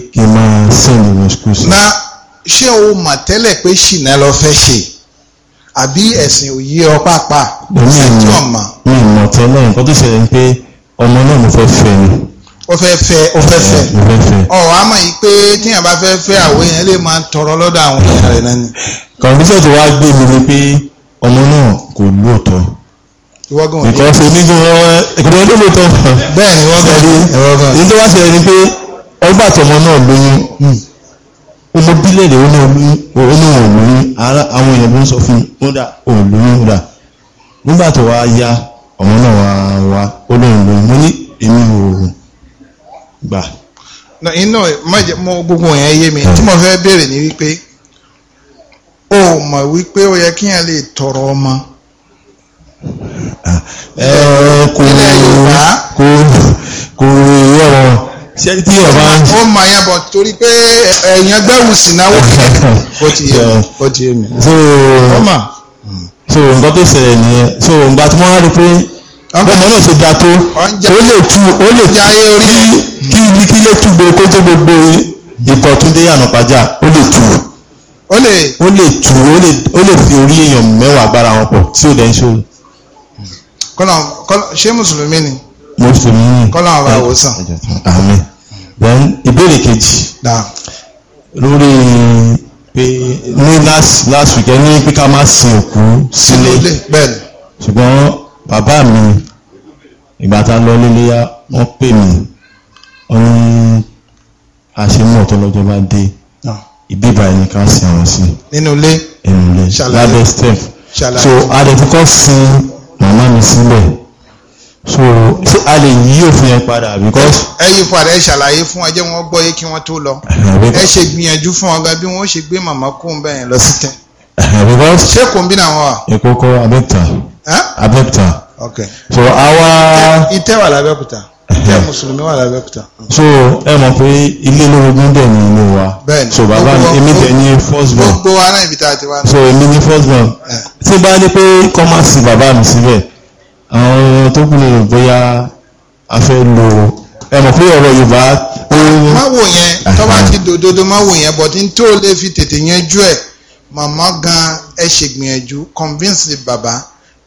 kí n máa sẹ́ni mi ṣùkúṣù. na ṣé o mà tẹ́lẹ̀ pé ṣìnà lọ fẹ́ ṣe àbí ẹ̀sìn òye ọ pàápà ṣètì ọ̀mà. mi ò mọ̀ tẹ́lẹ̀ nǹkan tó ṣẹlẹ̀ ni pé ọmọ náà mo fẹ́ fẹ́ ni. o fẹ́ fẹ́ o fẹ́ fẹ́ ọ̀rọ̀ àmọ̀ yìí pé tíyàn bá fẹ́ fẹ́ àwọn èèyàn lè máa tọrọ lọ́dọ̀ àwọn èèyàn rẹ̀ náà ni. kọ̀ǹdíṣẹ̀ tó wá gbé mi ni pé ọmọ náà kò lóòótọ́ ìwọ́gàn òní. ìkọ́sẹ̀ onígun ẹ̀kọ́dọ̀ olóòótọ́. bẹ́ẹ̀ ni wọ́n gbẹ̀rù. ìdí tó wá ṣẹlẹ̀ ni pé ọgbà tọmọ náà lóyún hmm. ọmọ bílẹ̀ rẹ̀ olóhùn olóyún àwọn èèyàn ló ń sọ fún kódà olóyún rà nígbà tó wá ya ọmọ náà wá wá olóhùn olóyún mo ní èmi òòrùn gbà. iná mọ gbogbo yẹn yé mi tí mo fẹ́ béèrè ni wípé o mọ̀ wípé ó yẹ kíyàn lè tọrọ ọmọ ah, eh, kò kò kò rí ọ̀rọ̀ ṣé tí o bá ń. ó mà yẹn bọ̀ torí pé ẹ̀yàn gbẹ́wù sí náwó bó ti yẹ bó ti yẹ mi. so so nǹkan tó ṣẹlẹ̀ nìyẹn so nǹkan tí wọ́n á rí pé bọ́mọ náà ṣe da tó ó lè tu ó lè kí kí kí lè tu gbogbo kó tó gbogbo ikọ̀ Túndé Ànàpájà ó lè tu ó lè ó lè tu ó lè fi orí èèyàn mẹ́wàá agbára wọn pọ̀ tí ò dẹ́ ń ṣòro. kọ́nà ṣé mùsùlùmí ni. mùsùlùmí ni kọ́nà àwọn àwòsàn. àmín then ìbéèrè kejì lórí pé ní last last week ẹ ní pé ká má sin òkú sílé ṣùgbọ́n bàbá mi ìgbà tá lọ léléyà wọ́n pè mí wọ́n ní àṣemọ́ ọ̀tọ́lọ́jọ́ bá dé ìbíbà ẹni ká sin àwọn sí. nínú ilé ẹnu ilé lábẹ́ step so adẹ̀tí kọ́ sin màmá mi sílẹ̀ so ṣé a lè yí òfin yẹn padà because. ẹ yí padà ẹ ṣàlàyé fún wa jẹ́ wọ́n gbọ́ yé kí wọ́n tó lọ ẹ ṣe gbìyànjú fún ọgá bí wọ́n ṣe gbé màmá kó ń bẹ̀yẹn lọ sí tẹ́. because ṣé kò ń bí náà wà. èkó kọ abẹ́kúta. abẹ́kúta. ok so àwa. ìtẹ́ wà lábẹ́kúta ìtẹ́ mùsùlùmí wà lábẹ́kúta. so ẹ mọ̀ pé ilé lórogún dẹ̀ ní ilé wa. bẹ́ẹ̀ni so bàbá mi èmi dẹ̀ ní first born. gbogbo wa náà ibi tá a ti wá. so èmi ní first born. tí bá ní pé kọ́másì bàbá mi síbẹ̀ àwọn tó kù lè rò bóyá a fẹ́ lo ẹ mọ̀ pé ọ̀rọ̀ Yorùbá. máwò yẹn tó bá ti dòdòdó máwò yẹn bọ̀ tí n tó lè fi tètè yanjú ẹ̀ màmá gan ẹ ṣègbìyànjú convince bàbá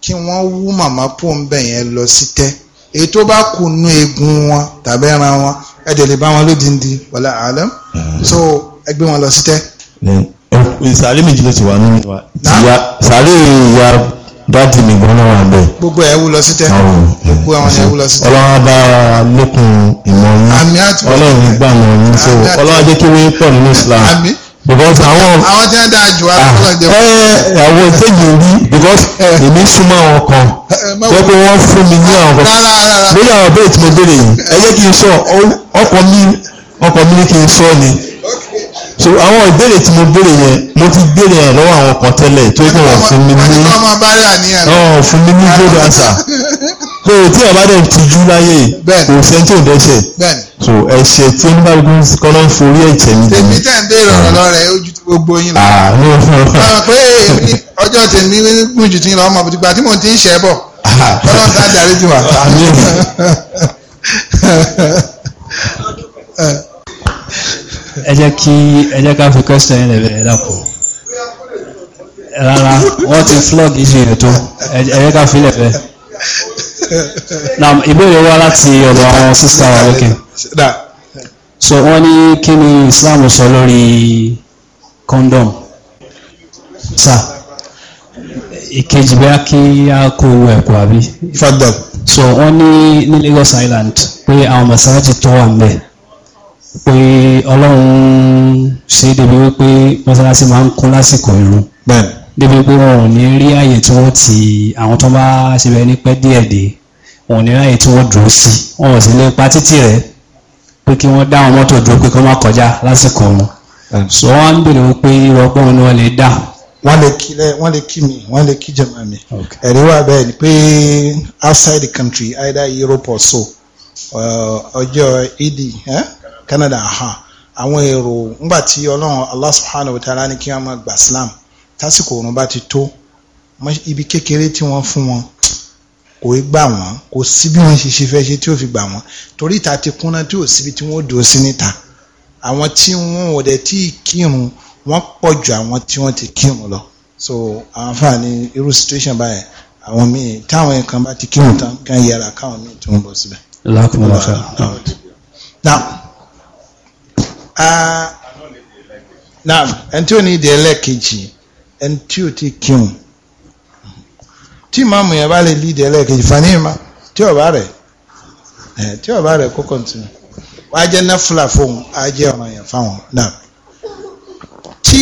kí wọ́n wú màmá pò ń bẹ̀ yẹn lọ sí tẹ́ èyí tó bá kù nú eegun wọn tàbí ẹran wọn ẹ dẹ̀ lè bá wọn lódìndín wàlá àlẹ́ so ẹ gbé wọn lọ sí tẹ́. sàárè méjì ló ti wà nínú wa sàárè ìyá dáàdì mi gbọ́n náà wà ń bẹ̀. gbogbo ẹ̀ wú lọ sí tẹ́ gbogbo àwọn ẹ̀ wú lọ sí tẹ́. ọlọ́wọ́ bá lókun ìmọ̀ yín ọlọ́run gbà mọ̀ yín so ọlọ́wọ́ jẹ́ kí wọ́n pọ̀ nínú Islam because àwọn àwọn tí wọ́n dáa jù wá ah, lọ́wọ́ jẹ́ pọ̀. ẹ àwọn ìtẹ́jì rí because eh. èmi súnmọ́ àwọn kan eh, jẹ́ pé wọ́n fún mi ní àwọn kan lórí àwọn bẹ́ẹ̀ tí mo béèrè yìí ẹ jẹ́ kí n sọ ọkọ̀ mi ọkọ̀ mi ní kí n sọ ni so àwọn ìbéèrè tí mo béèrè yẹn mo ti béèrè yẹn lọ́wọ́ àwọn kan tẹ́lẹ̀ tó yẹ kí wọ́n fún mi ní wọ́n fún mi ní good answer so tí ọba dẹ̀ tijú láyé kò sẹ́ni tí ò dẹ́ṣẹ̀ so ẹ̀ṣẹ̀ tí ń bá ogun kọ́lọ́ ń forí ẹ̀jẹ̀ mi. tèmi tẹ̀ ń béèrè ọ̀rọ̀ lọ́rẹ̀ ojú tí gbogbo yín lọ. ọ̀rọ̀ ah, pé ọjọ́ tèmi gùn jù tí ń lọ ọmọ ìgbà tí mo ti ń ṣẹ́ bọ̀ ọlọ́run ah. ká darí jù ẹ jẹ́ kí ẹ jẹ́ ká fi question yẹn lẹ̀bẹ̀rẹ̀ dàpọ̀ rárá wọ́n ti flog issue yẹn tó ẹ jẹ́ ká fi lẹ̀bẹ̀. na ìbéèrè wá láti ọ̀dọ̀ àwọn sísá wa lókè. so wọ́n ní kí ni Islam sọ lórí condom sa ìkejì bí a kí a kó owó ẹ̀kọ́ àbí. so wọ́n ní ní Lagos Island pé àwọn masaji tó wà ń bẹ̀ pé ọlọ́run ṣe débi wípé mọ́sálásí máa ń kún lásìkò irun débi pé wọn ò ní rí àyè tí wọ́n ti àwọn tó bá ṣe bẹ́ẹ̀ ní pẹ́ díẹ̀ dé wọn ò ní ráyè tí wọ́n dúró sí wọn ò sì lè pa títì rẹ̀ pé kí wọ́n dá àwọn mọ́tò dúró pé kí wọ́n má kọjá lásìkò wọn so wọ́n ń bèrè wípé irú ọgbọ́n ni wọ́n lè dá. wọ́n lè kí wọ́n lè kí mi wọ́n lè kí jẹ̀mọ́ mi ẹ̀rí wà bẹ́ẹ̀ ni pé outside the country either Europe or so uh, ọjọ́ ìdí. Eh? Canada ha àwọn èrò ńgbà tí ọlọ́run Allah subhanahu wa ta'ala ní kí wọ́n máa gbà Islam tásìkò òrùn bá ti tó ibi kékeré tí wọ́n fún wọn kò í gbà wọ́n kò sí bí wọ́n ṣe ṣe fẹ́ ṣe tí ó fi gbà wọ́n torí ìta ti kúnná tí ò síbi tí wọ́n dùn sí níta àwọn tí wọ́n ò dẹ̀ tí ì kírun wọ́n pọ̀ ju àwọn tí wọ́n ti kírun lọ so àwọn àǹfààní irú situation báyẹn àwọn míì táwọn nǹkan bá ti kírun tán kí wọ́n yẹra káwọn míì tó ń bọ̀ síbẹ̀. lákùnrin ọ̀sán. now Ah, naam ẹnití ò ní ìdí ẹlẹ́ẹ̀kejì ẹnití ò ti kíun tí màmú yẹn bá lè lé ìdí ẹlẹ́ẹ̀kejì fani ma tí ọba rẹ̀ tí ọba rẹ̀ kó kọ́ntínú wàá jẹ́ náfìlà fóun á jẹ́ ọ̀ràn yẹn fáwọn naam tí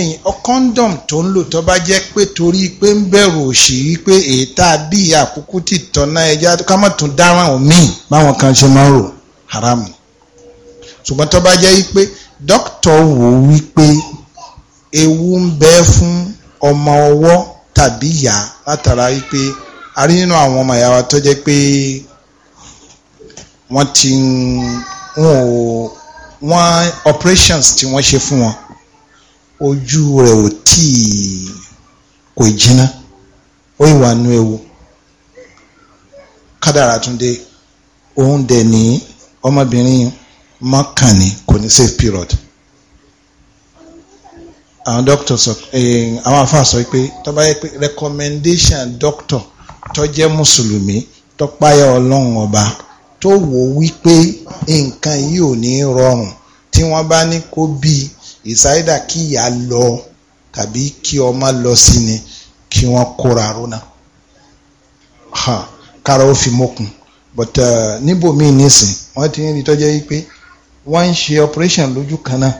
èyàn ọkọ́ndọ̀m tó ń lò tó bá jẹ́ pé torí pé ń bẹ̀rù òṣì wípé ètà bí àkókò tìtọ́ná ẹja ká má tún dáràn míì báwọn kan ṣe máa ń rò haramu ṣùgbọ́n tó bá jẹ́ wípé dókítà wò wípé ewu ń bẹ fún ọmọ ọwọ́ tàbí ìyá látara wípé a rí nínú àwọn ọmọ ìyá wa tó jẹ́ pé wọ́n ti ń wọ́n ò wọ́n operations tí wọ́n ṣe fún wọn ojú rẹ̀ ò tí kò jiná ó ìwà nu ewu kádàrà tún dé òun dẹ̀ ní ọmọbìnrin yìí mọ́kànnì kò ní safe period àwọn doctor sọ eh, àwọn afa sọ pé tó bá yẹ pé recommendation doctor tó jẹ́ mùsùlùmí tó páyà ọlọ́run ọba tó wò wípé nǹkan yìí ò ní rọrùn tí wọ́n bá ní kó bí ìsáídà kí ìyá lọ tàbí kí ọmọ lọ sí ni kí wọ́n kóra rónà kára ó fi mókun but eh, níbòmíì nísìn wọ́n ti ń rí tọ́jẹ́ wípé wọ́n ń ṣe operation lójú kan náà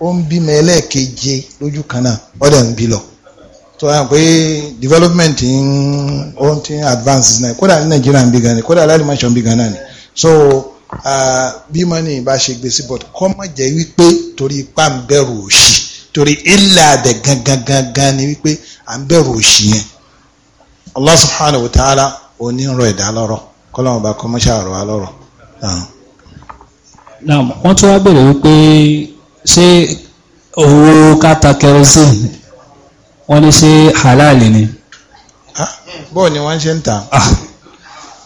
ó ń bímọ ẹlẹ́ẹ̀keje lójú kan náà ó dẹ̀ ń bí lọ tó yà pé development ń ó ti ń advance náà kódà ní nàìjíríà ń bí gan ni kódà láti máa ṣàn bí gan náà ni so bí mo ní ìbá ṣe gbèsè but kọ́ mọ̀ jẹ́ wípé torí ipá ń bẹ̀rù òṣì torí ilà àbẹ̀ gangan gangan ni wípé à ń bẹ̀rù òṣì yẹn Allah subhanahu wa ta'ala oní ń rọ ìdálọ́rọ̀ kọ́lọ́mọba kọ́mọ́ṣà rọ̀ wá lọ́rọ̀ now wọ́n tún wá béèrè wípé ṣé owó káta kerosene wọ́n ní ṣé halal ni. Ah, bọ́ọ̀ ni wọ́n ṣe ń tà. Ah,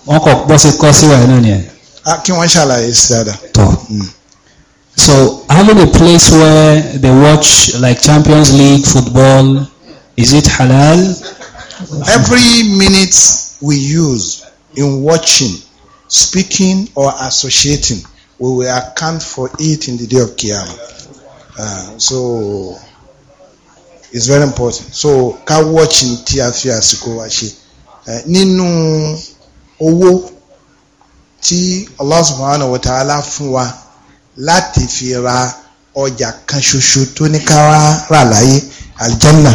wọ́n kọ̀ bọ́ sí kọ́ síwáyé náà nìyẹn. Ah, kí wọ́n ṣàlàyé sí dáadáa. tọ́ hmm. so having a place where they watch like Champions League football is it halal. every minute we use in watching speaking or associating we will account for it in the day of Qiyamah. Uh, so it's very important. So ka watch ti a fi àsìkò wa ṣe. Uh, nínú owó tí Allah subhanahu wa ta'ala fún wa láti fi ra ọjà kan ṣoṣo tó ní ká rà láyé aljanna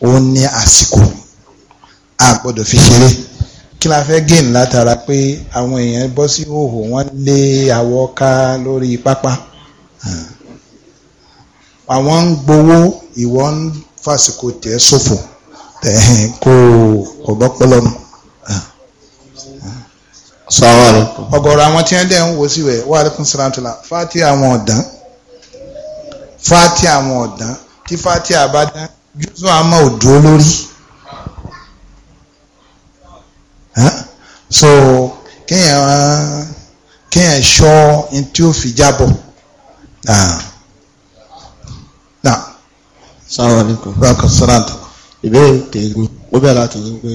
òun ní àsìkò a fi ṣeré kí la fẹ́ gain látara pé àwọn èèyàn bọ́ sí hòhò wọ́n lé àwọ̀ ká lórí pápá àwọn ń gbowó ìwọ ń fàsìkò tẹ̀ ṣòfò tẹ̀hìn kó kò bọ́pọ́lọ́ mu. ọ̀gọ̀rọ̀ àwọn tí wọ́n dẹ̀ ń wo sí wẹ̀ wà lẹ́kùn sàràǹtìlà fáti àwọn ọ̀dán fáti àwọn ọ̀dán tí fáti àbádán jùzọ́ àmọ́ òdúró lórí so kéèyàn kéèyàn ṣọ́ ní tí ó fi jábọ̀. sáwọn alaikum. bákan sọ́ra tó. ìbéèrè tèmi ó bẹ̀rẹ̀ láti ní pé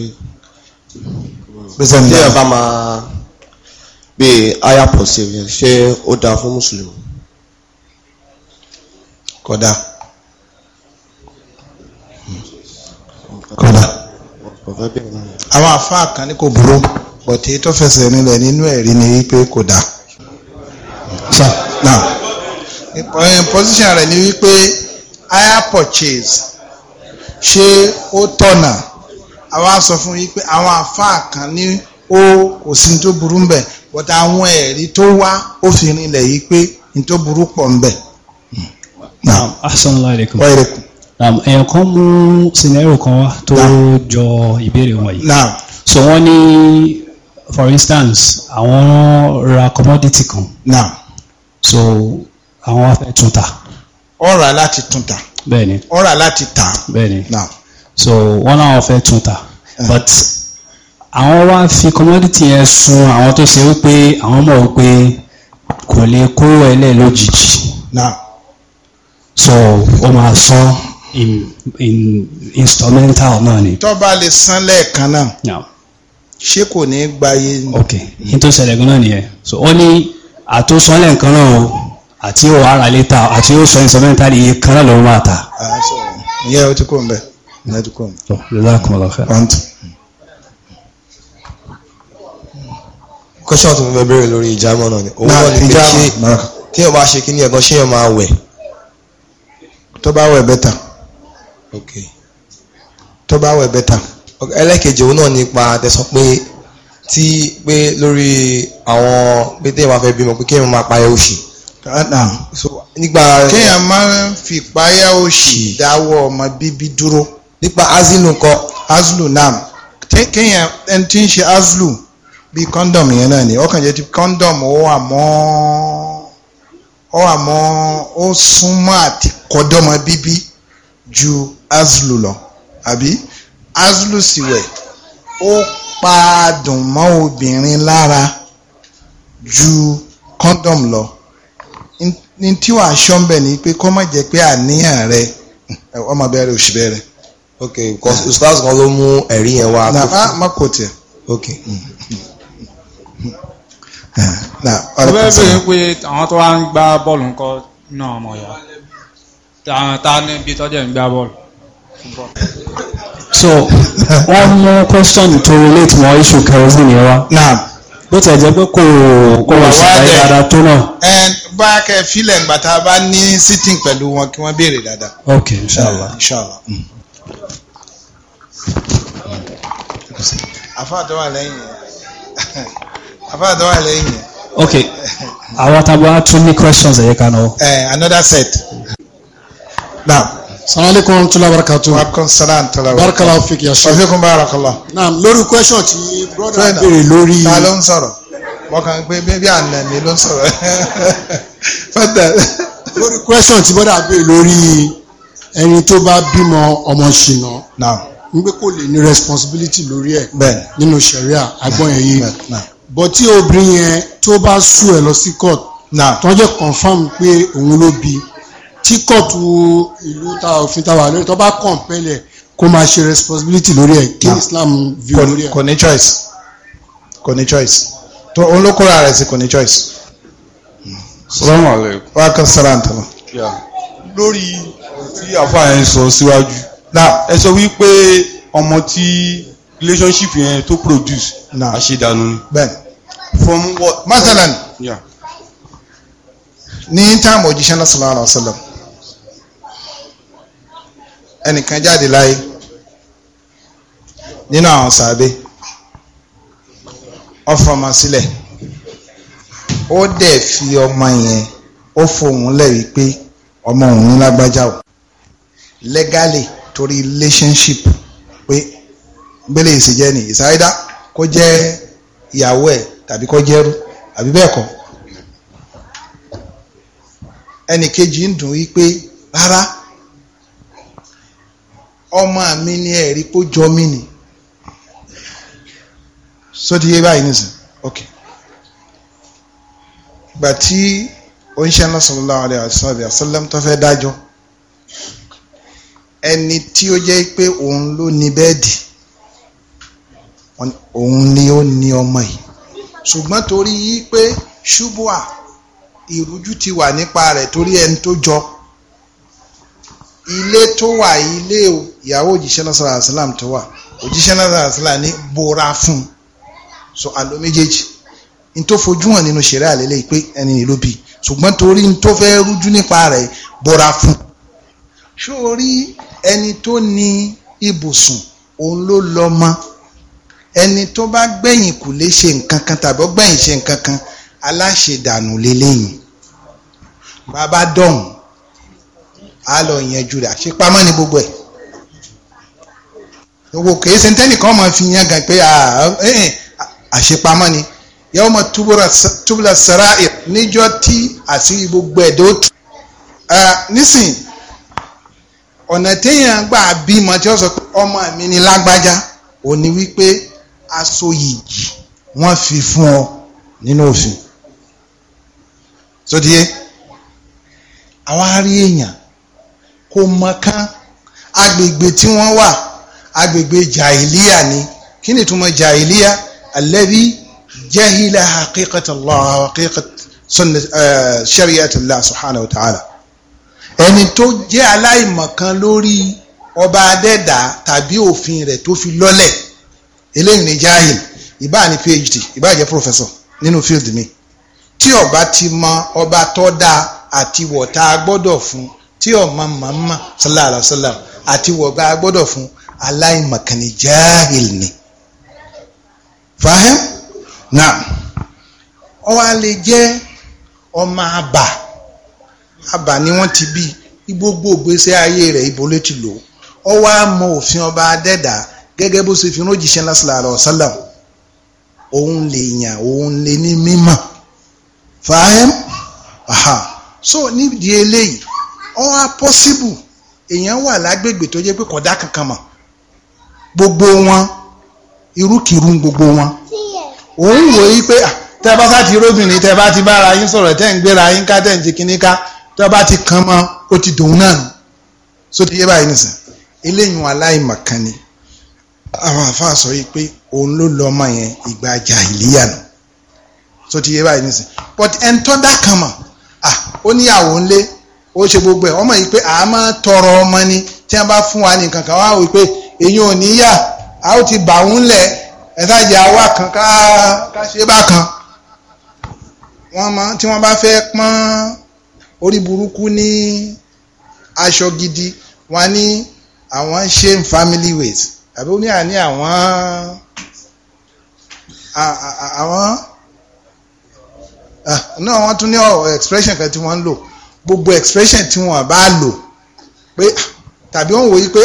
tí ẹ bá máa bí aya pọ̀sẹ̀ yẹn ṣé ó dáa fún mùsùlùmí. kódà. kódà. àwọn àfáà kan ni kò burú bọ̀tí tó fẹsẹ̀ nílẹ̀ nínú ẹ̀rí ni wípé kò eh, position rẹ̀ ni wípé higher purchase ṣé ó tọ̀nà àwa sọ fún pé àwọn àfáà kan ní ó kò sí tó burú ń bẹ̀ but àwọn ẹ̀rí tó wá ó fi rinlẹ̀ yìí pé burú pọ̀ ń bẹ̀. Hmm. now èèyàn kan mú scenario kan wá tó jọ ìbéèrè wọn yìí so wọ́n ní for instance àwọn ra commodity kan so àwọn wá fẹ́ tún ta. ọ̀rà láti tún ta. bẹ́ẹ̀ni. ọ̀rà láti ta. bẹ́ẹ̀ni. so wọ́n náà wọ́n fẹ́ tún ta. Eh. but àwọn wá fi commodity yẹn sun àwọn tó ṣe wípé àwọn mọ̀ wípé kò lè kó ẹlẹ́ lójijì. so ó máa san in in instrumental náà ni. tó bá lè san lẹ́ẹ̀kan náà. now ṣé kò ní gbayé ok n tó ṣẹlẹ̀ gan-an nìyẹn so ó ní àtúnṣọ lẹ́ẹ̀kan náà o àti ó ara lè ta àti ó sọ instrumental iye kan náà lòun máa ta. Ah, ìyẹn o ti kó n bẹ ìyẹn ti kó n lọ́la kò lọ fẹ́. kọ́ṣọ́ tó fẹ́ bẹ̀rẹ̀ lórí ìjàmọ́ náà ni òun ni pé ṣé tí yóò bá ṣe kí ni ẹ̀gbọ́n ṣé yóò máa wẹ̀. tó bá wẹ̀ bẹ́tà. Ok, tó bá wẹ̀ bẹ́tà ẹlẹ́kejì òun náà nípa tẹ̀sán pé tí pé lórí àwọn pé téèyàn máa fẹ́ bímọ pé kéèyàn máa payá òṣì. nígbà kéèyàn máa fi payá òṣì dáwọ́ ọmọ bíbí dúró. nípa azlu nǹkan. azlu nam kéèyàn ẹni tí ń ṣe azlu bíi kọ́ndọ̀m yẹn náà ni ọkàn jẹ́ ti kọ́ndọ̀m ó wà mọ́ ó wà mọ́ ó súnmọ́ àti kọ́dọ́mọ bíbí ju azlu lọ àbí azlu síwẹ̀ ó paadùn mọ́ obìnrin lára ju kọ́ndọ̀m lọ ní tí wàá ṣọ́nbẹ̀ ni pé kọ́ má jẹ́ pé àníyàn rẹ hm, ọmọ bẹ̀rẹ̀ òṣì bẹ̀rẹ̀. ok ustaz kan ló mú ẹ̀rí yẹn wá. na má má kò tiẹ̀. ok. na ọ̀rẹ́ kan sọ. pé àwọn tó wá ń gbá bọ́ọ̀lù ńkọ́ náà mọ̀ yá so wọ́n mú question to relate mọ́ issue kerosene yẹn naam bó tiẹ̀ jẹ́ pé kò kò wá ṣàlàyé dáadáa tó náà. ẹ bá kẹ filẹ̀ ǹgbà tá a bá ní sitting pẹ̀lú wọn kí wọ́n béèrè dáadáa. ok inshallah inshallah. Mm. àfa àtọ́wà lẹ́yìn yẹn àfa àtọ́wà lẹ́yìn yẹn. ok àwọn tábà tún ní questions ẹ̀yẹ kan náà. another set naam salamaleykum warahmatulahi wabarakatuh. wa aleykum salaam tala wa. barakala fik ya sheikh. aleykum barakala. naam lórí question ti brother béèrè lórí. ta ló ń sọ̀rọ̀ wọ́n kàn gbé bébí àná mi ló ń sọ̀rọ̀. lórí question ti brother béèrè lórí ẹni tó bá bímọ ọmọ ṣìnà. naam wípé kò lè ní responsibility lórí ẹ̀ nínú sẹ̀ríà agbọ́n ẹ̀ yìí bọ́ tí obìnrin yẹn tó bá sú ẹ̀ lọ sí court tó jẹ́ confam pé òun ló bí tí kóòtù ìlú òfin tàwa lórí tó bá kọ̀ǹpẹ́lẹ̀ kó máa ṣe responsibility lórí ẹ̀ kí Islam view lórí ẹ̀. kò ní choice kò ní choice tó òun ló kóra rẹ̀ sí kò ní choice. salamu alaykum. wa kan sara n tala. lórí tí àfáà yẹn sọ síwájú ẹ sọ wípé ọmọ tí relationship yẹn tó produce àṣedànù ni. bẹ́ẹ̀ni from what. masalan ní time òjíṣẹ́ náà sallallahu alaihi wasallam ẹnìkan jáde láyé nínú àwọn sàbẹ ọfọmọ sílẹ̀ ó dẹ̀ fi ọmọ yẹn ó fohùn lẹ̀ wípé ọmọ òun lágbájá o legally torí relationship pé gbélé ìsèjẹ́ ni ìsáyédá kó jẹ ìyàwó ẹ tàbí kó àbí ẹnì kejì ń dùn ọmọ mi ni ẹ̀rí kó jọ mí ni so ti yé báyìí nísìn ok ìgbà tí oníṣẹ́ náà sallallahu alaihi wasallam tó fẹ́ dájọ́ ẹni tí ó jẹ́ pé òun ló ní bẹ́ẹ̀dì òun ni ó ní ọmọ yìí ṣùgbọ́n torí yí pé ṣubúà ìrújú ti wà nípa rẹ̀ torí ẹni tó jọ ilé tó wà ilé ìyàwó òjíṣẹ́ náà sọ̀rọ̀ àṣìlám tó wà òjíṣẹ́ náà sọ̀rọ̀ àṣìlám ní bora fún so àlọ́ méjèèjì n tó fojú hàn nínú ṣẹ̀rẹ́ àlélẹ́ pé ẹni ìlú bi ṣùgbọ́n torí n tó fẹ́ rújú nípa rẹ̀ bora fún sórí ẹni tó ní ibùsùn òun ló lọ mọ́ ẹni tó bá gbẹ̀yìn kò lè ṣe nǹkan kan tàbí ó gbẹ̀yìn ṣe nǹkan kan aláṣẹdànù lélẹ́yìn bàbá dọ̀hún á lọ yanjú rẹ̀ àṣepamọ́ ni gbogbo ẹ̀ gbogbo kìí ṣe tẹ́nìkan máa fi yan gan pé àṣepamọ́ ni yàwó ma túbúlà sara níjọ́ tí àṣírí gbogbo ẹ̀dọ́ tù nísìn ọ̀nà téèyàn gbà bímọ tí ó sọ pé ọmọ mi ni lágbájá ò ní wípé aṣọ yìí wọ́n fi fún ọ nínú òfin sódìé àwa rí èèyàn kò mọ̀ kán agbègbè tí wọ́n wà agbègbè jahiliya ni kí ni túmọ̀ jahiliya alladhi jahila haqiqat Allah haqiqat eh, shari'at Allah subhanahu wa ta'ala ẹni tó jẹ́ aláìmọ̀kan lórí ọba adẹ́dà tàbí òfin rẹ̀ tó fi lọ́lẹ̀ eléyìí ni jahil ìbá ni phd ìbá jẹ́ professor nínú field mi tí ọba ti mọ ọba tó dáa àti wọ̀ta gbọ́dọ̀ fún tí ọmọ màmá sallallahu alaihi wasallam àti wọ̀gbà gbọ́dọ̀ fún aláìmọ̀kànnì jáhìl ni. fahim náà ọwọ́ a lè jẹ́ ọmọ àbà àbà ni wọ́n ti bí gbogbo ìgbésẹ̀ ayé rẹ̀ ibo ló ti lò ó wá mọ òfin ọba adẹ́dà gẹ́gẹ́ bó ṣe fi rójìṣẹ́ sallallahu alaihi wasallam òun lè yàn òun lè ní mímọ̀ fahim aha so nídìí eléyìí ọ́n á pọ́síbù èèyàn wà lágbègbè tó jẹ́ pé kọ̀dá kankan mọ̀ gbogbo wọn irúkìrú gbogbo wọn òun wò yí pé tẹ́ bá sáti róbìnrin tẹ́ bá ti bára yín sọ̀rọ̀ tẹ́ ń gbéra yín ká tẹ́ ń jẹ kíní ká tẹ́ bá ti kàn mọ́ ó ti dòun náà nù yé báyìí nìsín eléyìí aláìmọ̀kan ni àwọn àfáà sọ yìí pé òun ló lọ ọmọ yẹn ìgbà jàhílíyà nù só yé báyìí nìsín but ẹ̀ńtọ́dá kan mọ̀ ah ó níyàwó ńlé ó ṣe gbogbo ẹ̀ ọmọ yìí pé àá máa tọrọ ọmọ ni tí wọ́n bá fún wa nìkan kan wá wí pé èyí ò ní yà á ó ti bà ń lẹ̀ ẹ̀sà jẹ́ àwa kan ká ṣe bákan wọ́n mọ tí wọ́n bá fẹ́ pọ́n orí burúkú ní aṣọ gidi wọ́n ní àwọn shame family ways àbí ó ní àní àwọn àwọn náà wọ́n tún ní expression kan tí wọ́n ń lò. gbogbo expression tí wọ́n bá lò pé tàbí wọ́n wòye pé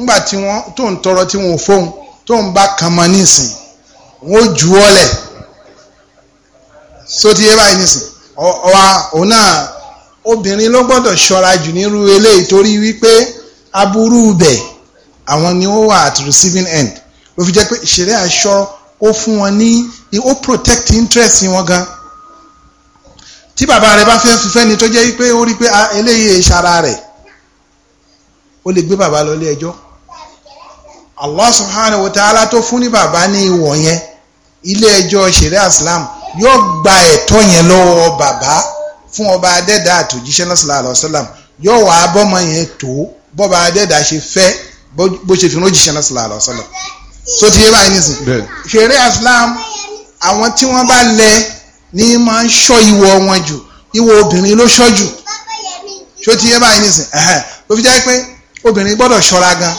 ńgbà tí wọ́n tó ń tọrọ tí wọ́n fóun tó ń bá kan mọ́ nísìn wọ́n ó jù ọ́ lẹ̀ sóti yé báyìí nísìn ọ̀wá òun náà obìnrin ló gbọdọ ṣọ́ra jù nírú eléyìí torí wípé aburú bẹ̀ àwọn ni ó wà at receiving end ló fi jẹ́ pé ìṣeré aṣọ ó fún wọn ní ó protect interest wọn gan-an tí bàbá rẹ̀ bá fẹ́ fífẹ́ ni tó jẹ́ pé ó rí pé ah, eléyìí ìṣara rẹ̀ ó lè gbé bàbá lọ ilé ẹjọ́ Allah subhanahu wa ta'ala tó fún ní bàbá ní ìwọ̀ yẹn ilé ẹjọ́ ṣẹ̀ríà Islam yóò gba ẹ̀tọ́ yẹn lọ́wọ́ bàbá fún ọba adẹ́dà àtòjíṣẹ́ náà sallallahu alaihi wasallam yóò wà á bọ́mọ yẹn tó bọ́ba adẹ́dà ṣe fẹ́ bó ṣe fi rójíṣẹ́ náà sallallahu alaihi so ti yé báyìí nìsín ṣẹ̀ríà Islam àwọn tí wọ́n bá lẹ ní máa ń ṣọ́ ìwọ wọn jù ìwọ obìnrin ló ṣọ́ jù ṣó ti yẹ báyìí nìsín ló fi jẹ́ pé obìnrin gbọ́dọ̀ ṣọ́ra gan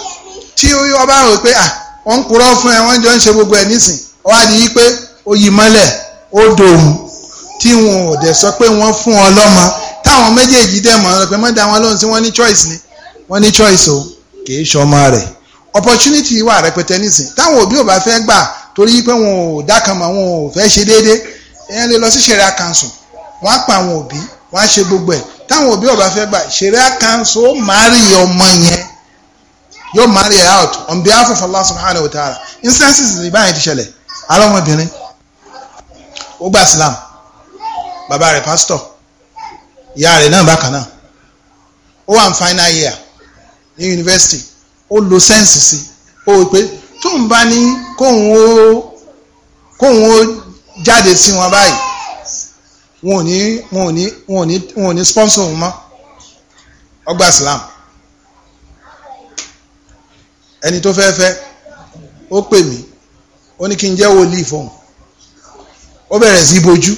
tí ó bá rò pé à wọ́n ń purọ́ fún ẹ wọ́n jọ ń ṣe gbogbo ẹ̀ nìsín ó wá di wípé ó yí mọ́lẹ̀ ó dòun tí wọn ò dẹ̀ sọ pé wọ́n fún ọ lọ́mọ táwọn méjèèjì dẹ̀ mọ̀ ọ́n pé mọ́ da wọn lóhùn tí wọ́n ní choice ni wọ́n ní choice o kì í ṣọmọ rẹ̀ opportunity wà rẹpẹtẹ nìsín táwọn òbí ò bá fẹ́ gbà torí pé wọn ò dákan mọ́ wọn ò fẹ́ ṣe déédéé èèyàn lè lọ sí sẹ̀ríà council wọ́n á pa àwọn òbí wọ́n á ṣe gbogbo ẹ̀ táwọn òbí ọba fẹ́ gbà sẹ̀ríà council ó márì ọmọ yẹn yóò márì ẹ̀ out on behalf of Allah subhanahu wa ta'ala instances ìbáyẹn ti ṣẹlẹ̀ alọ́mọbìnrin ó gba Islam bàbá rẹ̀ pásítọ̀ ìyá rẹ̀ náà bákan náà ó wà ní final year ní yunifásitì ó lo sẹ́ǹsì sí ó pé tóun bá ní kóun ó kóun ó jáde sí wọn báyìí wọn ò ní wọn ò ní wọn ò ní wọn ò ní sponsor wọn mọ́ ọgbà Islam ẹni tó fẹ́ fẹ́ ó pè mí ó ní kí n jẹ́ wòlíì fóun ó bẹ̀rẹ̀ sí bojú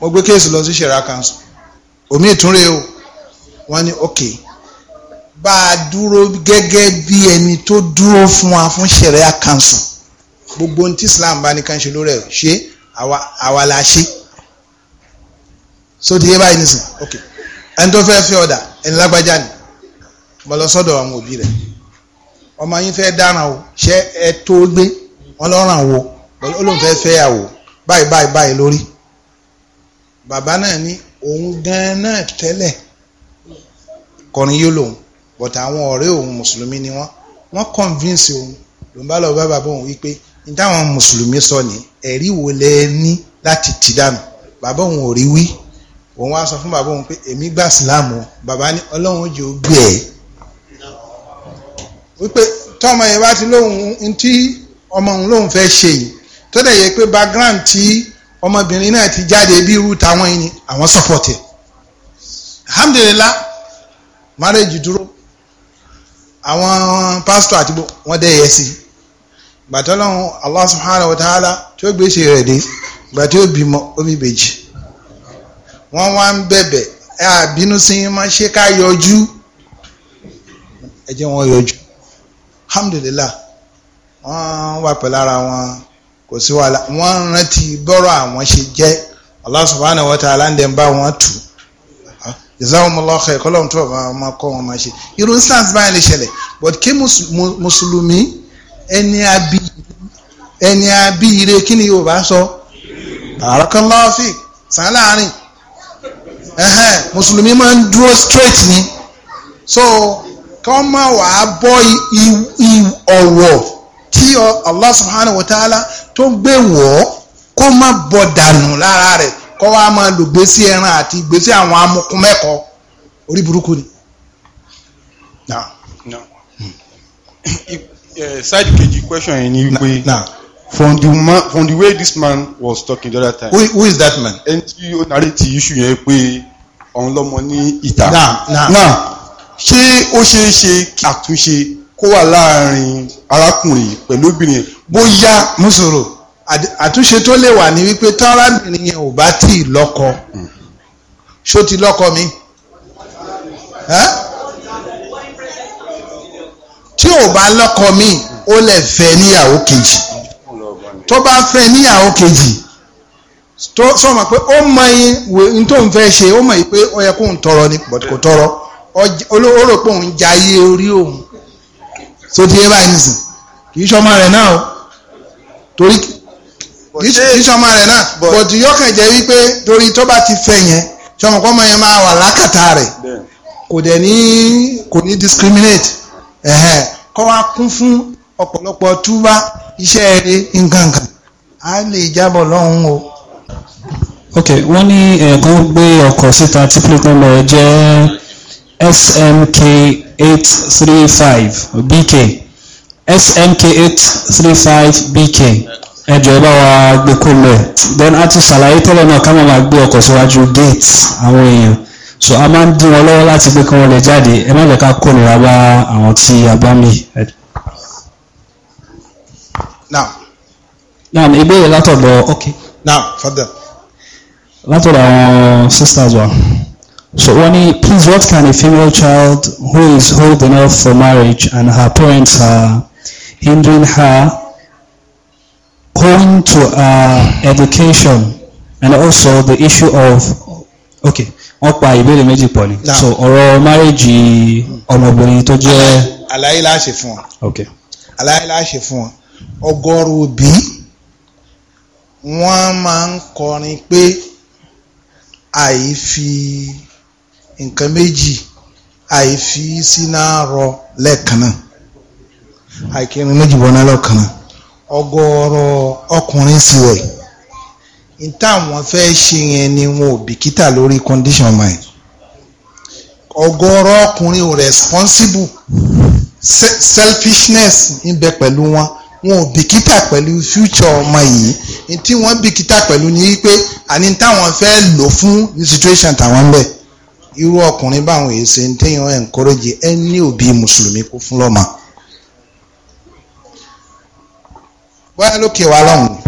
mo gbé kéèsì lọ sí sẹ̀rà council omi ìtúnrè o wọ́n ní ok bá a dúró gẹ́gẹ́ bí ẹni tó dúró fún wa fún sẹ̀rà council gbogbo ohun tí Islam bá ní kàn ṣe lórí ẹ̀ ṣe àwa la ṣe so ti yé báyìí nísìn ok ẹni tó fẹ́ fẹ́ ọ̀dà ẹni lágbájá ni mo lọ sọ́dọ̀ àwọn òbí rẹ̀ ọmọ yín fẹ́ dáràn o ṣé ẹ tó gbé wọn lọ́ràn wo olóhùn fẹ́ fẹ́ yà wò báyìí báyìí báyìí lórí bàbá náà ní òun gan-an náà tẹ́lẹ̀ kọrin yóò lòun but àwọn ọ̀rẹ́ òun mùsùlùmí ni wọ́n wọ́n convince òun ló bá lọ bá bàbá òun wípé nítawọn mùsùlùmí sọ ni ẹ̀rí wo lẹ ní láti tì dànù bàbá òun ò rí wí òun wá sọ fún bàbá òun pé èmi gbà síláàmù bàbá ní ọlọ́run jò gbé ẹ̀ wípé tọ́mọ yẹn bá ti lóhun ntí ọmọ òun lóhun fẹ́ ṣe yìí tó dẹ̀ yẹ pé background tí ọmọbìnrin náà ti jáde bí irú táwọn yìí ni àwọn support ẹ̀ alhamdulillah marriage dúró àwọn pastor àti wọn dẹ̀ yẹ sí i gbàtọ́lọ́hún Allah subhanahu wa ta'ala tí ó gbèsè rẹ̀ dé gbà tí ó bímọ omi bèjì wọ́n wá ń bẹ̀bẹ̀ ẹ àbínú sí ma ṣe ká yọjú ẹ jẹ́ wọn yọjú alhamdulillah wọ́n wà pẹ̀lú ara wọn kò sí wàhálà wọ́n rántí bọ́rọ̀ àwọn ṣe jẹ́ Allah subhanahu wa ta'ala ń dẹ̀ ń bá wọn tù jazakumullahu khairan kọ́lọ́hún tó bá wọn kọ́ wọn máa ṣe irú instance báyìí ṣẹlẹ̀ but kí mùsùlùmí. ẹni àbí ẹni àbí ire kí ni Yorùbá sọ barakallahu fik sàn láàrin ẹ̀hẹ́n mùsùlùmí máa ń dúró straight ni so kọ́ máa wà á bọ́ ọwọ tí Allah subhanahu wa ta'ala tó gbé wọ ọ́ kó má bọ̀ dànù lára rẹ̀ kọ́ wa máa lò gbèsè ẹran àti gbèsè àwọn amukumẹ́kọ̀ọ́ orí burúkú ni. Hmm. Eh, side kejì question yẹn ni wípé from the man from the way this man was talking the other time. who, who is that man. ẹni tí ó narrate issue yẹn pé òun lọ́mọ ní ìta. now now ṣé ó ṣeé ṣe kí àtúnṣe kó wà láàrin arákùnrin pẹ̀lú obìnrin bóyá. mo sọ̀rọ̀ àtúnṣe tó lè wà ní wípé tọ́rábìnrin yẹn ò bá tí lọ́kọ hmm. ṣó ti lọ́kọ mi tí ò bá lọ́kọ míì ó lè fẹ́ níyàwó kejì tó bá fẹ́ níyàwó kejì tó sọ̀mọ̀ pé ó mọ yín tó ń fẹ́ ṣe ó mọ̀ yín pé ó yẹ kó ń tọrọ ni kò tọrọ ó rò pé òun jayé orí òun tó ti yé báyìí nìsín kì í sọmọ rẹ̀ náà o torí kì í sọmọ rẹ̀ náà bọ̀dù yọkàn jẹ́ wípé torí tó bá ti fẹ́ yẹn sọmọ pé ọmọ yẹn máa wà lákàtà rẹ̀ kò dẹ̀ ní kò ní discriminate ẹ̀hẹ́ kọ́ wa kún fún ọ̀pọ̀lọpọ̀ túbá iṣẹ́ eré nǹkankan a lè jábọ̀ lọ́hùn o. ok wọ́n ní ẹ̀ẹ̀kan gbé ọkọ̀ síta tí plate jẹ́ smk eight three five bk smk eight three five bk ẹjọ́ bá wa gbé kó lẹ̀ then a ti ṣàlàyé tẹ́lẹ̀ náà ká má máa gbé ọkọ̀ síwájú gate àwọn èèyàn so a máa ń dín wọn lọ́wọ́ láti pé kí wọ́n lè jáde ẹ má lè ká kó nira bá àwọn tí a bá mì. now. now ìbéèrè látọ̀dọ̀ ok. now further. látọ̀dọ̀ àwọn sisters wa. So Wani, please what can a female child who is old enough for marriage and her parents are hindering her going to her education and also the issue of okay wọ́n pa ìbéèrè méjì pọ̀ ni so ọ̀rọ̀ márèjì ọmọbìnrin tó jẹ́. àlàyé la ṣe fún wọn àlàyé la ṣe fún wọn ọgọ́rùn òbí wọ́n máa ń kọrin pé àìfi nǹkan méjì àìfi síná rọ lẹ́ẹ̀kan náà àìkírin méjì bọ́ná lọ́kàn náà ọgọ́rọ̀ ọkùnrin si wẹ̀. n táwọn fẹ́ ṣe yẹn ni wọn ò bìkítà lórí condition mind ọ̀gọ̀rọ̀ ọkùnrin ò responsible selfishness ń bẹ pẹ̀lú wọn wọn ò bìkítà pẹ̀lú future ọmọ yìí n tí wọ́n bìkítà pẹ̀lú ni wípé àní táwọn fẹ́ lò fún ní situation táwọn ń bẹ̀ irú ọkùnrin báwọn èyí ṣe ń téèyàn encourage ẹ ní òbí mùsùlùmí kó fún lọ́mọ. bóyá lókè wa lọ́hùn-ún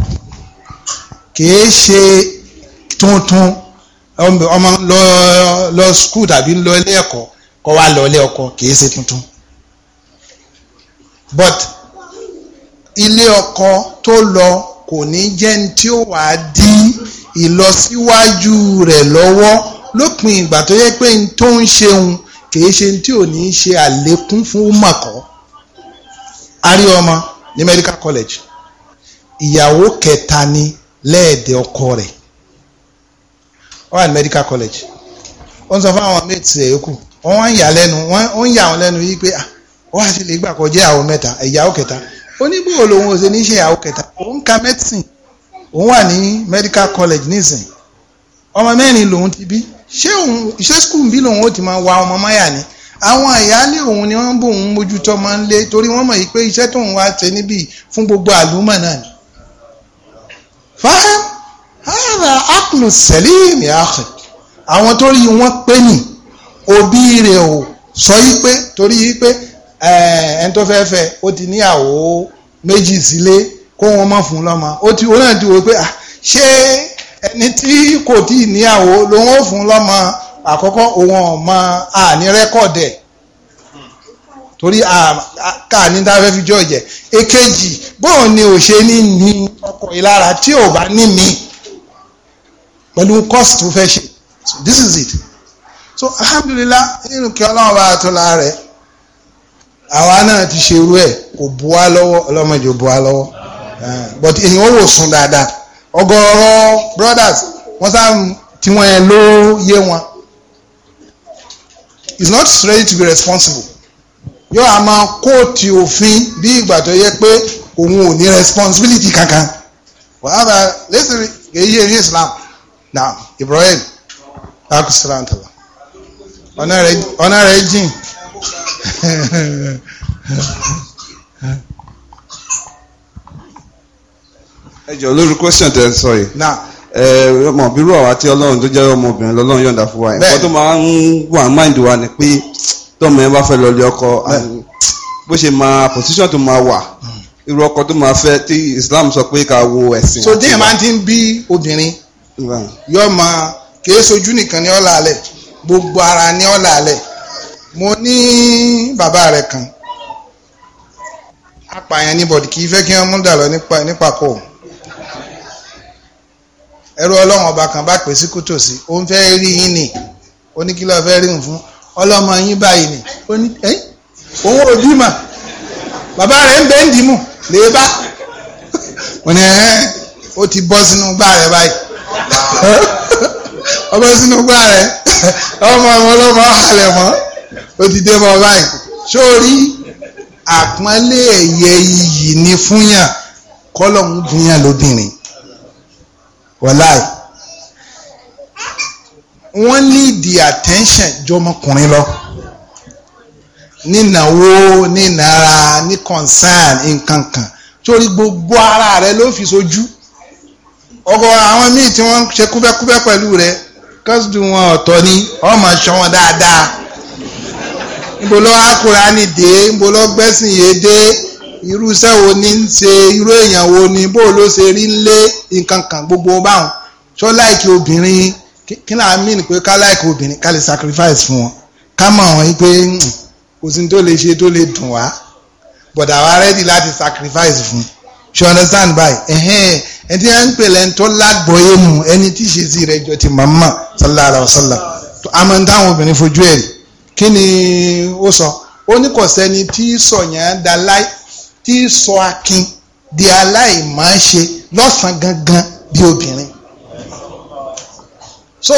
kìí ṣe tuntun ọmọ lọ lọ skul tàbí lọ ilé ẹ̀kọ́ kọ́ wa lọ ilé ọkọ kìí ṣe tuntun but ilé ọkọ tó lọ kò ní jẹ́ ní tí ó wàá dí ìlọsíwájú rẹ̀ lọ́wọ́ lópin ìgbà tó yẹ pé tó ń ṣeun kìí ṣe tí ò ní ṣe àlékún fún mọ̀kọ́ arí ọmọ ní medical college ìyàwó kẹta ni lẹ́ẹ̀dẹ̀ ọkọ rẹ̀ ó wà ní medical college ó ń sọ fún àwọn mates rẹ̀ yòókù wọ́n wá ń yà lẹ́nu wọ́n ń yà wọ́n lẹ́nu yìí pé ó wá sí lè gbà kọjá àwọn mẹ́ta ìyàwó kẹta oníbòwò lòun ò ṣe ní ṣe ìyàwó kẹta òun ka medicine òun wà ní medical college nísìn ọmọ mẹ́rin lòun ti bí ṣé òun ṣé skul bí lòun ó ti máa wa ọmọ máyà ni àwọn àyálé òun ni wọ́n ń bò òun mójútó máa ń lé torí wọ́n mọ̀ yìí pé iṣẹ́ tóun wá ṣe níbí fún gbogbo àlùmọ̀ náà ni fáá hàrà aklu sẹ́lìm yàtọ̀ àwọn tó rí wọn pé ní òbí rẹ̀ ò sọ yí pé torí yí pé eh, ẹni tó fẹ́ fẹ́ ó ti níyàwó méjì sílé kó wọn mọ̀ fún lọ́mọ ó ti ó náà ti wò pé ah, ṣé ẹni tí kò tí ì níyàwó lòun ó fún lọ́mọ àkọ́kọ́ òun ọ̀ mọ àní rẹ́kọ̀dẹ̀ torí ká ní tá fi jọ jẹ èkejì bóun ni ò ṣe ní ní ọkọ̀ ìlara tí ò bá ní mi pẹ̀lú cost tó fẹ́ ṣe so this is it so alhamdulilah nínú kí ọlọ́run bá tó la rẹ̀ àwa náà ti ṣe irú ẹ̀ kò bu wá lọ́wọ́ ọlọ́mọdé ò bu wá lọ́wọ́ eh, but èyàn wò sùn dáadáa ọ̀gọ̀rọ̀ brothers wọ́n sá tiwọn yẹn ló yé wọn it's not ready to be responsible. yóò a máa kóòtì òfin bí ìgbà tó yẹ pé òun ò ní responsibility kankan wàhálà lẹ́sìn èyí èyí Islam na Ibrahim akusirantala ọ̀nà rẹ̀ jìn ẹ jọ lórí question tẹ sọ yìí ọmọ bírú àwa tí Ọlọ́run tó jẹ́ ọmọbìnrin lọ́lọ́run yọ̀ǹda fún wa ẹ̀kọ́ tó máa ń wà máìndì wa ni pé tọ́mọ yẹn bá fẹ́ lọ lé ọkọ hmm. bó ṣe máa position tó máa wà hmm. irú ọkọ tó máa fẹ́ tí Islam sọ pé ká wo ẹ̀sìn. so díẹ̀ máa ti ń bí obìnrin yóò máa kìí sojú nìkan ni ọ̀la alẹ̀ gbogbo ara ní ọ̀la alẹ̀ mo ní bàbá rẹ̀ kan apààyàn ní bọ̀dì kì í fẹ́ kí wọ́n mú dàlọ́ nípa kọ́ ọ̀ ẹrú ọlọ́run ọba kan bá pè kútòsí ó ń fẹ́ rí yín ni oníkìlọ̀ fẹ́ rí òun fún ọlọ́mọ yín báyìí ni ó ní ẹ́ òun ò bímọ bàbá rẹ̀ ń bẹ́ ń dìímù lèébá wọn ni ẹ́ ó ti bọ́ sínú gbá rẹ̀ báyìí ọbẹ̀ sínú gbá rẹ̀ ọmọ ọmọ ọlọ́mọ mọ́ ó ti dé mọ́ báyìí sórí àpọ́nlé ẹ̀yẹ iyì ni fúnyàn kọ́lọ̀ ń fúnyàn lóbìnrin wọ́láì wọ́n need the attention jọmọkùnrin lọ nínáwó nínara ní concern nǹkan kan torí gbogbo ara rẹ ló fi sojú ọkọ àwọn míì tí wọ́n ṣe kúbẹ́kúbẹ́ pẹ̀lú rẹ kọ́sìdù wọn ọ̀tọ̀ ni ọmọ ṣọ wọn dáadáa níbo ló Kùránì dé níbo ló gbẹ́sìn yé dé irú iṣẹ́ wo ni ń ṣe irú èèyàn wo ni bó ló ṣe rí ń lé nǹkan gbogbo báwọn ṣọ́ láìkí obìnrin kí náà mean pé ká láìka obìnrin ká lè sacrifice fún wọn ká mọ̀ wọ́n pé hmm, kò sí tó lè ṣe tó lè dùn wá but àwa ready láti sacrifice fún ṣe understand by ẹ̀hẹ́n ẹni tí wọ́n ń pè lẹ́ni tó lágbọ́yé mu ẹni tí ṣe sí rẹ̀ jọ ti màmá sallallahu alayhi wa sallam àmọ́ táwọn obìnrin fojú ẹ̀ kí ni ó sọ ó ní kò sẹ́ni tí sọ yẹn da láì tí sọ akin di aláìmáṣe lọ́sàn-án gangan bí obìnrin so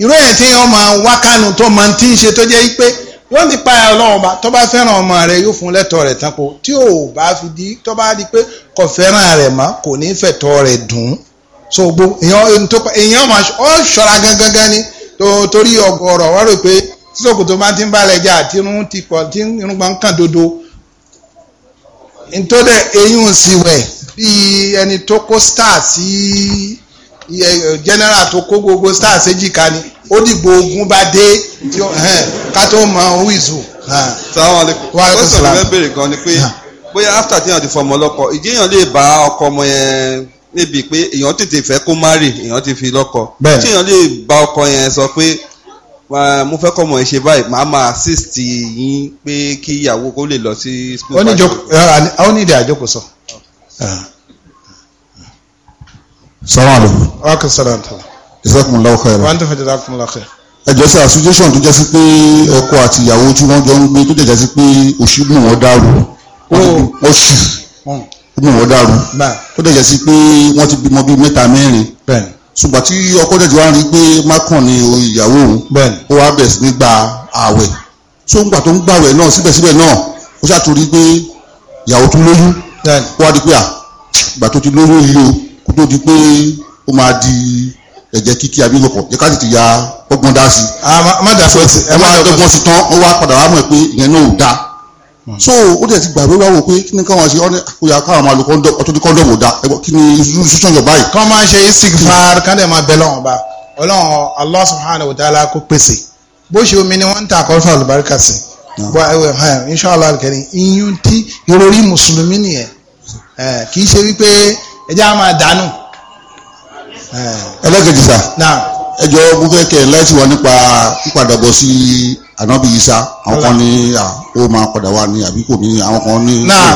irú ẹ̀ tí wọ́n máa wá kánú tó máa ti ń ṣe tó jẹ́ pé yóò ní pa ọlọ́run ọba tó bá fẹ́ràn ọmọ rẹ̀ yóò fún lẹ́tọ̀ọ́ rẹ̀ tán po tí ò bá fi di tó bá di pé kò fẹ́ràn rẹ̀ mọ́ kò ní fẹ̀tọ́ rẹ̀ dùn so gbó èèyàn tó pa èèyàn máa ọ ṣọ́ra gangan gan ni torí ọgọrọ wọ́n rò pé sísòkò tó bá ti ń balẹ̀ jà tí irun ti pọ̀ tí irun gbọ́n kàn dodo ntọ́dẹ̀ eyín òsì wẹ̀ bíi ẹni tó kó star sí. Si, Eh, general tó kó gbogbo stars èjìká ni ó dìgbò ogun bá dé ká tó mọ ohun ìzù. salamu alaykum question mi fẹ́ béèrè gan ni pé bóyá after ti yàn ti fọmọ lọ́kọ ìdí èèyàn lè bá ọkọ ọmọ yẹn níbi pé èèyàn tètè fẹ́ kó má rè èèyàn ti fi lọ́kọ tí èèyàn lè bá ọkọ yẹn sọ pé mo fẹ́ kọ́ mọ̀ ṣe báyìí màá máa assist yín pé kí ìyàwó kó lè lọ sí ó ní ìdí àjókòó sọ. sọ́wọ́n lò wà kò sọ̀rọ̀ àǹtà. jazakumullahu khairan. wà á tẹ̀fẹ̀ jazakumullahu ẹ jọ sí association tó jẹ́ sí pé ọkọ àti ìyàwó tí wọ́n jọ ń gbé tó jẹ́ sí pé òṣìgbọ̀n wọn dàrú oh. wọ́n ṣù ògùn wọn dàrú tó jẹ́ sí pé wọ́n ti bímọ bíi mẹ́ta mẹ́rin ṣùgbọ́n tí ọkọ dẹ̀jọ́ wá rí pé mákàn ni ìyàwó òun ó wá bẹ̀rẹ̀ sí gba ààwẹ̀ tó ń gbà tó ń gbàwẹ̀ náà síbẹ̀síbẹ̀ náà ó ṣàtúrí pé ìyàwó tún lóyún ó wá di pé à tó ti lóyún yìí o kó tó di pé ó máa di ẹ̀jẹ̀ kíkí abílòpọ̀ jẹ́ ká sì ti ya ọgbọ́n dá sí i ẹ máa dọ́gbọ́n sí tán ó wá padà wá mọ̀ pé ìyẹn náà ò dáa hmm. so ó dẹ̀ ti gbàgbé wá wò pé kí ni káwọn ṣe ọ́nẹ́ àkóyà káwọn máa lo ọtọ́ ní kọ́ńdọ̀mù dá ẹ̀bọ̀ kí ni sọ́sọ́ yọ̀ báyìí. kán máa ń ṣe istighfar kán dẹ̀ máa bẹ lọ́wọ́n ba ọlọ́run Allah subhanahu wa ta'ala kó pèsè bó ṣe omi ni wọ́n ń ta àkọ́fà àlùbáríkà sí bó ẹwẹ hàn inṣọ́lá iyún tí ẹlẹ́kẹ̀jì sà ẹ jọ mo fẹ́ kẹ́ ẹ láti wá nípa pípadàbọ̀ sí ànábì Ìsá àwọn kan ní ó máa padà wá ní àbí kò ní àwọn kan ní. náà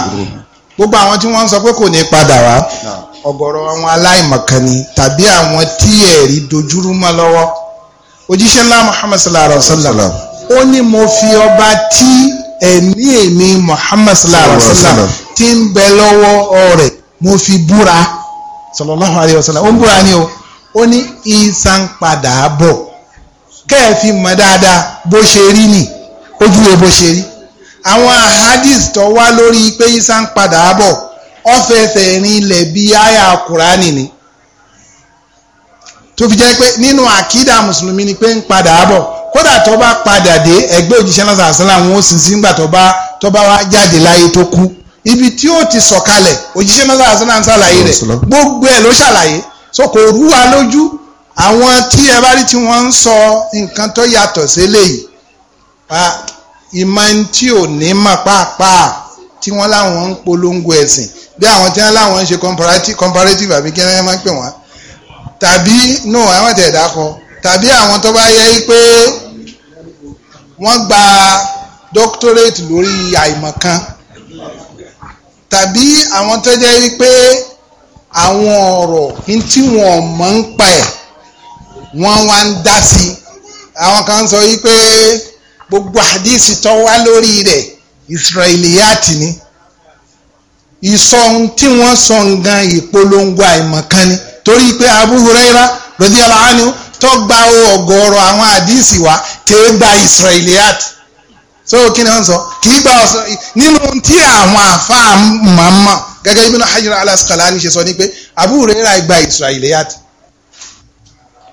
gbogbo àwọn tí wọ́n ń sọ pé kò ní padà wá ọ̀gọ̀rọ̀ àwọn aláìmọ̀kan tàbí àwọn tí ẹ̀rí dojúrú mọ́ lọ́wọ́ òjíṣẹ́ ńlá Muhammad sallallahu alaihi wa sallam ó ní mo fi ọba tí ẹ̀mí èmi Muhammad sallallahu alaihi wa sallam ti ń bẹ lọ́wọ́ ọ̀rẹ́ mo fi búra sallallahu alayhi wa sallam ó ń búra ni o ó ní ìsàn padà bọ̀ kẹ́ẹ̀fì mọ̀ dáadáa bó ṣe rí ni ojú ẹ bó ṣe rí àwọn ahadis tó wá lórí pé ìsàn padà bọ̀ ọ̀fẹ́fẹ́ rin ilẹ̀ bí àyà kùránì ni tó fi jẹ́ pé nínú àkídà mùsùlùmí ni pé ń padà bọ̀ kódà tó bá padà dé ẹgbẹ́ òjíṣẹ́ náà sàásánlá wọn ó sì sí ńgbà tó bá tó bá wá jáde láyé tó kú ibi tí ó ti sọ̀kalẹ̀ òjíṣẹ́ mẹ́sàlá sọ́nà ṣàlàyé rẹ̀ gbogbo ẹ̀ ló ṣàlàyé so kò rú wa lójú àwọn tí ẹ bá rí tí wọ́n ń sọ nǹkan tó yàtọ̀ sí eléyìí ìmọ̀ tí ò ní mọ̀ pàápàá tí wọ́n láwọn ń polongo ẹ̀sìn bí àwọn tí wọ́n láwọn ń ṣe comparative comparative àbí kí wọ́n máa pè wọ́n tàbí no àwọn tẹ̀dá kọ tàbí àwọn tó bá yẹ pé wọ́n gba doctorate lórí àìmọ̀ kan tàbí àwọn tó jẹ́ wípé àwọn ọ̀rọ̀ tí wọ́n mọ̀ ń pa ẹ̀ wọ́n wá ń dá sí i àwọn kan sọ wípé gbogbo àdìsí tó wá lórí rẹ̀ ìsírẹ̀lìyàtì ni ìsọ̀hún tí wọ́n sọ ngan ìpolongo àìmọ̀kan ni torí pé Abu Huraira radiyallahu anhu tó gba ọgọ́rọ̀ àwọn àdìsí wa tẹ́ gba ìsírẹ̀lìyàtì so kí ni wọ́n sọ kì í bá ọ sọ nínú tí àwọn àfáà màmá gẹ́gẹ́ Ibn Hajar al-Asqalani ṣe sọ ni pé Abu Hurairah ìgbà Israiliyat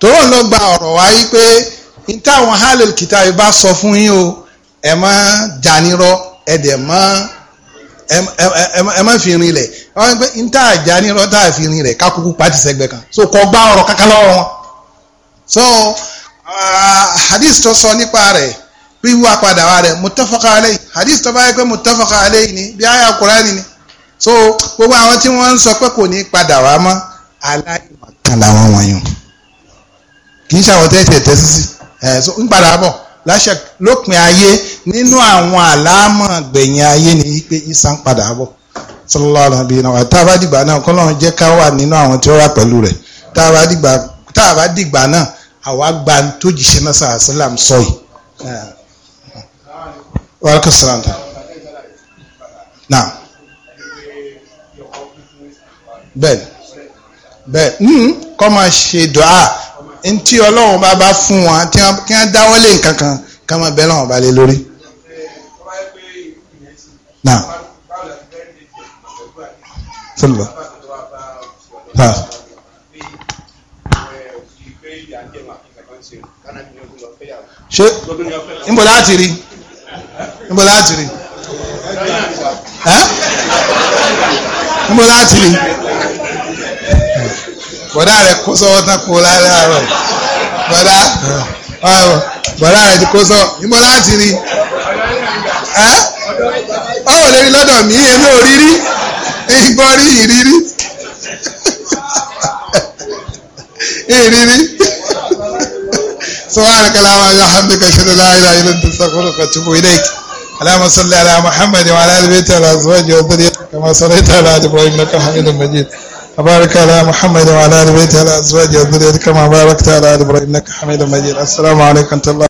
tòun ló gba ọ̀rọ̀ wá yí pé n táwọn halil kitabi bá sọ fún yín o ẹ má janirọ ẹ dẹ̀ má ẹ má fi rin lẹ̀ wọ́n pé n tá janirọ tá fi rin lẹ̀ kákúkú pàtì kan so kò gba ọ̀rọ̀ kankan wọn so ah, hadith tó sọ nípa rẹ̀ wíwá padà wá rẹ̀ mutafaqa alayhi hadith tó bá yẹ pé mutafaqa alayhi ni bí àyà kúránì ni so gbogbo àwọn tí wọ́n ń sọ pé kò ní padà wá mọ́ aláìmọ̀kan làwọn wọ̀nyún kì í ṣàwọn tẹ́tẹ̀ tẹ́ sísì ẹ̀ so ń padà bọ̀ láṣẹ lópin ayé nínú àwọn àlámọ̀ gbẹ̀yìn ayé ni wípé ìsàn padà bọ̀ sallallahu alaihi wa sallam tá a bá dìgbà náà kọ́ lọ́run jẹ́ ká wà nínú àwọn tí ó wà pẹ̀lú rẹ̀ tá a bá dìgbà náà àwa gba tó jìṣẹ́ náà sàásìlám sọ yìí wàlúkà sàràǹdà náà bẹ́ẹ̀ bẹ́ẹ̀ hmm kọ́ máa ṣe dùá ntí ọlọ́run bá bá fún wọn kí wọ́n dáwọ́lé nǹkan kan ká máa bẹ́ẹ̀ lọ́wọ́ balẹ̀ lórí. náà fúlùbọ̀ náà. ṣé níbo láti rí níbo láti rí ẹ́ níbo láti rí bọ̀dá rẹ̀ kó sọ́wọ́ tán kó láàárọ̀ bọ̀dá bọ̀dá rẹ̀ ti kó sọ́ níbo láti rí ẹ́ ọ̀rọ̀ lè rí lọ́dọ̀ mí èmi ò rí rí ìgbọ́ rí ìrírí ìrírí سبحانك اللهم وبحمدك اشهد ان لا اله الا انت استغفرك واتوب اليك اللهم صل على محمد وعلى ال بيته الازواج ازواجه كما صليت على ابراهيم انك حميد مجيد وبارك على محمد وعلى ال بيته الازواج ازواجه كما باركت على ابراهيم انك حميد مجيد السلام عليكم ورحمه الله